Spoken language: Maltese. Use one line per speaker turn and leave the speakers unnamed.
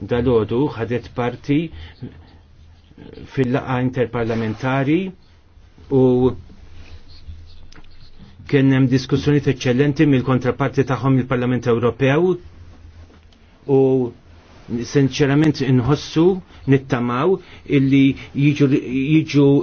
dalodu ħadet parti fil-laqa interparlamentari u kien hemm diskussjonijiet eċċellenti mill-kontraparti tagħhom il-Parlament Ewropew u sinċerament inħossu nittamaw
illi jiġu